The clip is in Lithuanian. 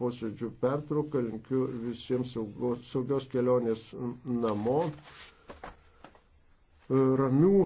posėdžių pertrauką, linkiu visiems saugos, saugios kelionės namo, ramių.